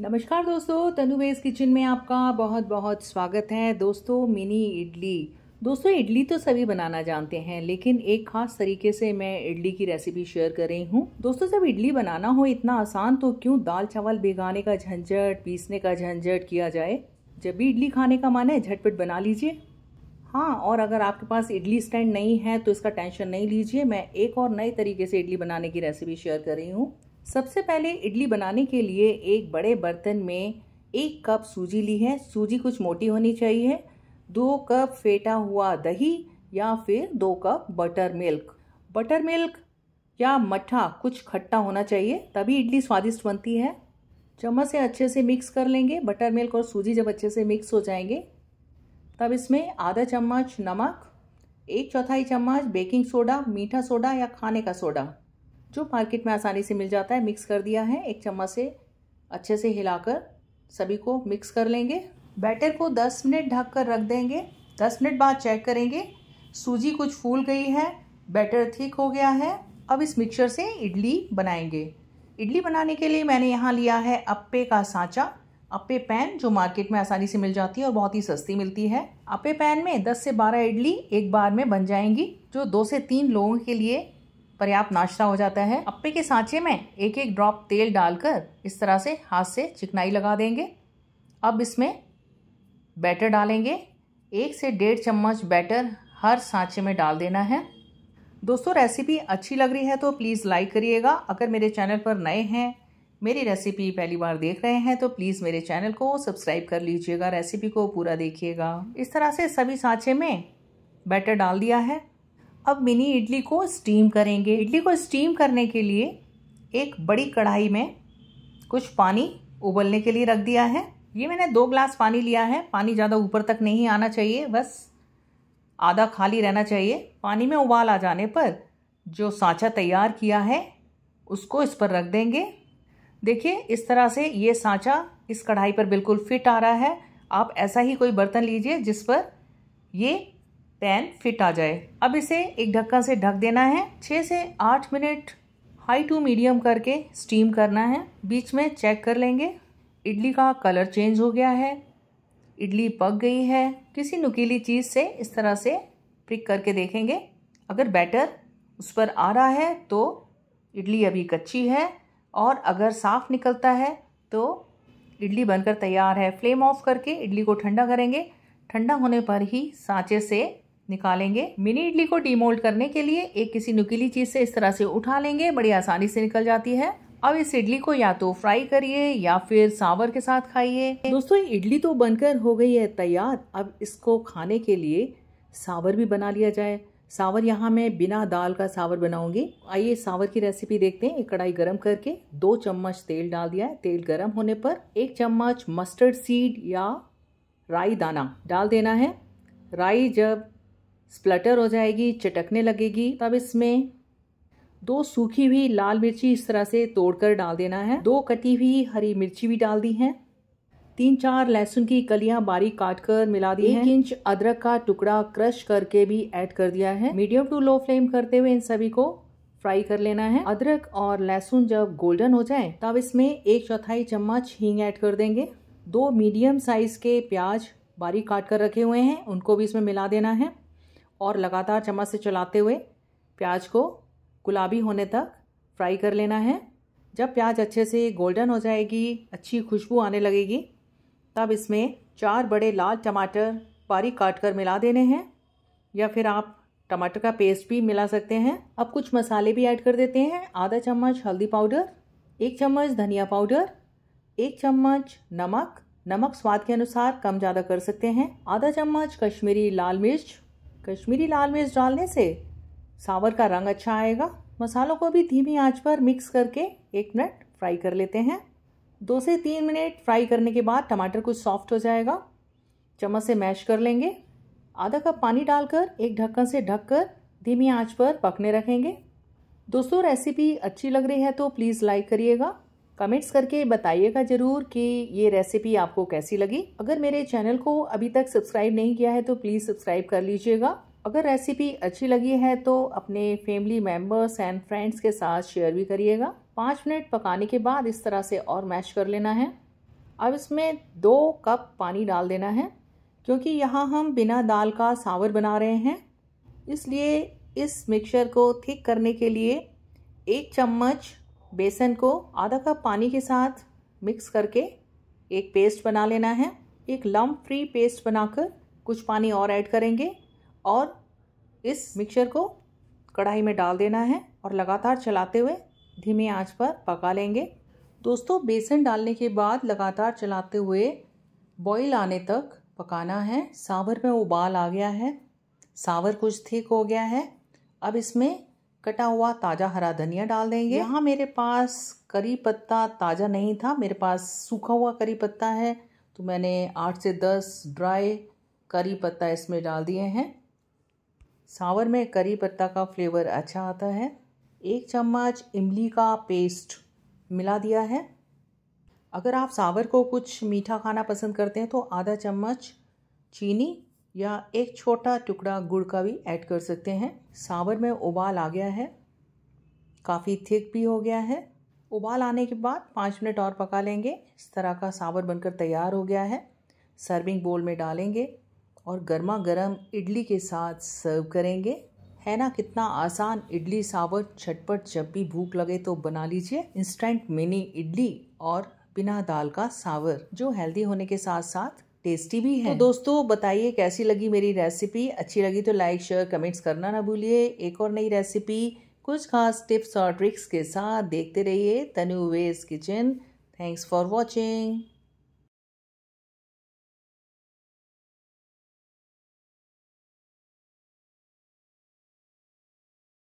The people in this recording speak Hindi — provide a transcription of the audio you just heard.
नमस्कार दोस्तों तनुवेज किचन में आपका बहुत बहुत स्वागत है दोस्तों मिनी इडली दोस्तों इडली तो सभी बनाना जानते हैं लेकिन एक खास तरीके से मैं इडली की रेसिपी शेयर कर रही हूँ दोस्तों जब इडली बनाना हो इतना आसान तो क्यों दाल चावल भिगाने का झंझट पीसने का झंझट किया जाए जब भी इडली खाने का मन है झटपट बना लीजिए हाँ और अगर आपके पास इडली स्टैंड नहीं है तो इसका टेंशन नहीं लीजिए मैं एक और नए तरीके से इडली बनाने की रेसिपी शेयर कर रही हूँ सबसे पहले इडली बनाने के लिए एक बड़े बर्तन में एक कप सूजी ली है सूजी कुछ मोटी होनी चाहिए दो कप फेटा हुआ दही या फिर दो cup buttermilk buttermilk या मट्ठा कुछ खट्टा होना चाहिए तभी इडली स्वादिष्ट बनती है चम्मच से अच्छे से मिक्स कर लेंगे बटर मिल्क और सूजी जब अच्छे से मिक्स हो जाएंगे तब इसमें आधा चम्मच नमक एक चौथाई चम्मच बेकिंग सोडा मीठा सोडा या खाने का सोडा जो मार्केट में आसानी से मिल जाता है मिक्स कर दिया है एक चम्मच से अच्छे से हिलाकर सभी को मिक्स कर लेंगे बैटर को 10 मिनट ढक कर रख देंगे 10 मिनट बाद चेक करेंगे सूजी कुछ फूल गई है बैटर थिक हो गया है अब इस मिक्सचर से इडली बनाएंगे इडली बनाने के लिए मैंने यहाँ लिया है अप्पे का सांचा अप्पे पैन जो मार्केट में आसानी से मिल जाती है और बहुत ही सस्ती मिलती है अप्पे पैन में 10 से 12 इडली एक बार में बन जाएंगी जो दो से तीन लोगों के लिए पर्याप्त नाश्ता हो जाता है अप्पे के सांचे में एक एक ड्रॉप तेल डालकर इस तरह से हाथ से चिकनाई लगा देंगे अब इसमें बैटर डालेंगे एक से डेढ़ चम्मच बैटर हर सांचे में डाल देना है दोस्तों रेसिपी अच्छी लग रही है तो प्लीज़ लाइक करिएगा अगर मेरे चैनल पर नए हैं मेरी रेसिपी पहली बार देख रहे हैं तो प्लीज़ मेरे चैनल को सब्सक्राइब कर लीजिएगा रेसिपी को पूरा देखिएगा इस तरह से सभी सांचे में बैटर डाल दिया है अब मिनी इडली को स्टीम करेंगे इडली को स्टीम करने के लिए एक बड़ी कढ़ाई में कुछ पानी उबलने के लिए रख दिया है ये मैंने दो ग्लास पानी लिया है पानी ज़्यादा ऊपर तक नहीं आना चाहिए बस आधा खाली रहना चाहिए पानी में उबाल आ जाने पर जो सांचा तैयार किया है उसको इस पर रख देंगे देखिए इस तरह से ये सांचा इस कढ़ाई पर बिल्कुल फिट आ रहा है आप ऐसा ही कोई बर्तन लीजिए जिस पर ये पैन फिट आ जाए अब इसे एक ढक्कन से ढक देना है छः से आठ मिनट हाई टू मीडियम करके स्टीम करना है बीच में चेक कर लेंगे इडली का कलर चेंज हो गया है इडली पक गई है किसी नुकीली चीज़ से इस तरह से प्रिक करके देखेंगे अगर बैटर उस पर आ रहा है तो इडली अभी कच्ची है और अगर साफ़ निकलता है तो इडली बनकर तैयार है फ्लेम ऑफ करके इडली को ठंडा करेंगे ठंडा होने पर ही सांचे से निकालेंगे मिनी इडली को डीमोल्ड करने के लिए एक किसी नुकीली चीज से इस तरह से उठा लेंगे बड़ी आसानी से निकल जाती है अब इस इडली को या तो फ्राई करिए या फिर सांवर के साथ खाइए दोस्तों इडली तो बनकर हो गई है तैयार अब इसको खाने के लिए सांवर भी बना लिया जाए सावर यहाँ मैं बिना दाल का सावर बनाऊंगी आइए सावर की रेसिपी देखते हैं एक कढ़ाई गरम करके दो चम्मच तेल डाल दिया है तेल गरम होने पर एक चम्मच मस्टर्ड सीड या राई दाना डाल देना है राई जब स्प्लटर हो जाएगी चटकने लगेगी तब इसमें दो सूखी हुई लाल मिर्ची इस तरह से तोड़कर डाल देना है दो कटी हुई हरी मिर्ची भी डाल दी है तीन चार लहसुन की कलियां बारीक काट कर मिला दी एक इंच अदरक का टुकड़ा क्रश करके भी ऐड कर दिया है मीडियम टू लो फ्लेम करते हुए इन सभी को फ्राई कर लेना है अदरक और लहसुन जब गोल्डन हो जाए तब इसमें एक चौथाई चम्मच हींग ऐड कर देंगे दो मीडियम साइज के प्याज बारीक काट कर रखे हुए हैं उनको भी इसमें मिला देना है और लगातार चम्मच से चलाते हुए प्याज को गुलाबी होने तक फ्राई कर लेना है जब प्याज अच्छे से गोल्डन हो जाएगी अच्छी खुशबू आने लगेगी तब इसमें चार बड़े लाल टमाटर बारीक काट कर मिला देने हैं या फिर आप टमाटर का पेस्ट भी मिला सकते हैं अब कुछ मसाले भी ऐड कर देते हैं आधा चम्मच हल्दी पाउडर एक चम्मच धनिया पाउडर एक चम्मच नमक नमक स्वाद के अनुसार कम ज़्यादा कर सकते हैं आधा चम्मच कश्मीरी लाल मिर्च कश्मीरी लाल मिर्च डालने से सांवर का रंग अच्छा आएगा मसालों को भी धीमी आंच पर मिक्स करके एक मिनट फ्राई कर लेते हैं दो से तीन मिनट फ्राई करने के बाद टमाटर कुछ सॉफ्ट हो जाएगा चम्मच से मैश कर लेंगे आधा कप पानी डालकर एक ढक्कन से ढककर धीमी आंच पर पकने रखेंगे दोस्तों रेसिपी अच्छी लग रही है तो प्लीज़ लाइक करिएगा कमेंट्स करके बताइएगा ज़रूर कि ये रेसिपी आपको कैसी लगी अगर मेरे चैनल को अभी तक सब्सक्राइब नहीं किया है तो प्लीज़ सब्सक्राइब कर लीजिएगा अगर रेसिपी अच्छी लगी है तो अपने फैमिली मेम्बर्स एंड फ्रेंड्स के साथ शेयर भी करिएगा पाँच मिनट पकाने के बाद इस तरह से और मैश कर लेना है अब इसमें दो कप पानी डाल देना है क्योंकि यहाँ हम बिना दाल का सांवर बना रहे हैं इसलिए इस मिक्सर को थिक करने के लिए एक चम्मच बेसन को आधा कप पानी के साथ मिक्स करके एक पेस्ट बना लेना है एक लम्ब फ्री पेस्ट बनाकर कुछ पानी और ऐड करेंगे और इस मिक्सचर को कढ़ाई में डाल देना है और लगातार चलाते हुए धीमी आंच पर पका लेंगे दोस्तों बेसन डालने के बाद लगातार चलाते हुए बॉईल आने तक पकाना है सावर में उबाल आ गया है सावर कुछ थिक हो गया है अब इसमें कटा हुआ ताज़ा हरा धनिया डाल देंगे यहाँ मेरे पास करी पत्ता ताज़ा नहीं था मेरे पास सूखा हुआ करी पत्ता है तो मैंने आठ से दस ड्राई करी पत्ता इसमें डाल दिए हैं सावर में करी पत्ता का फ्लेवर अच्छा आता है एक चम्मच इमली का पेस्ट मिला दिया है अगर आप सावर को कुछ मीठा खाना पसंद करते हैं तो आधा चम्मच चीनी या एक छोटा टुकड़ा गुड़ का भी ऐड कर सकते हैं सांबर में उबाल आ गया है काफ़ी थिक भी हो गया है उबाल आने के बाद पाँच मिनट और पका लेंगे इस तरह का सांभर बनकर तैयार हो गया है सर्विंग बोल में डालेंगे और गर्मा गर्म इडली के साथ सर्व करेंगे है ना कितना आसान इडली सांभर छटपट जब भी भूख लगे तो बना लीजिए इंस्टेंट मिनी इडली और बिना दाल का सांवर जो हेल्दी होने के साथ साथ टेस्टी भी है तो दोस्तों बताइए कैसी लगी मेरी रेसिपी अच्छी लगी तो लाइक शेयर कमेंट्स करना ना भूलिए एक और नई रेसिपी कुछ खास टिप्स और ट्रिक्स के साथ देखते रहिए Tanu veg kitchen thanks for watching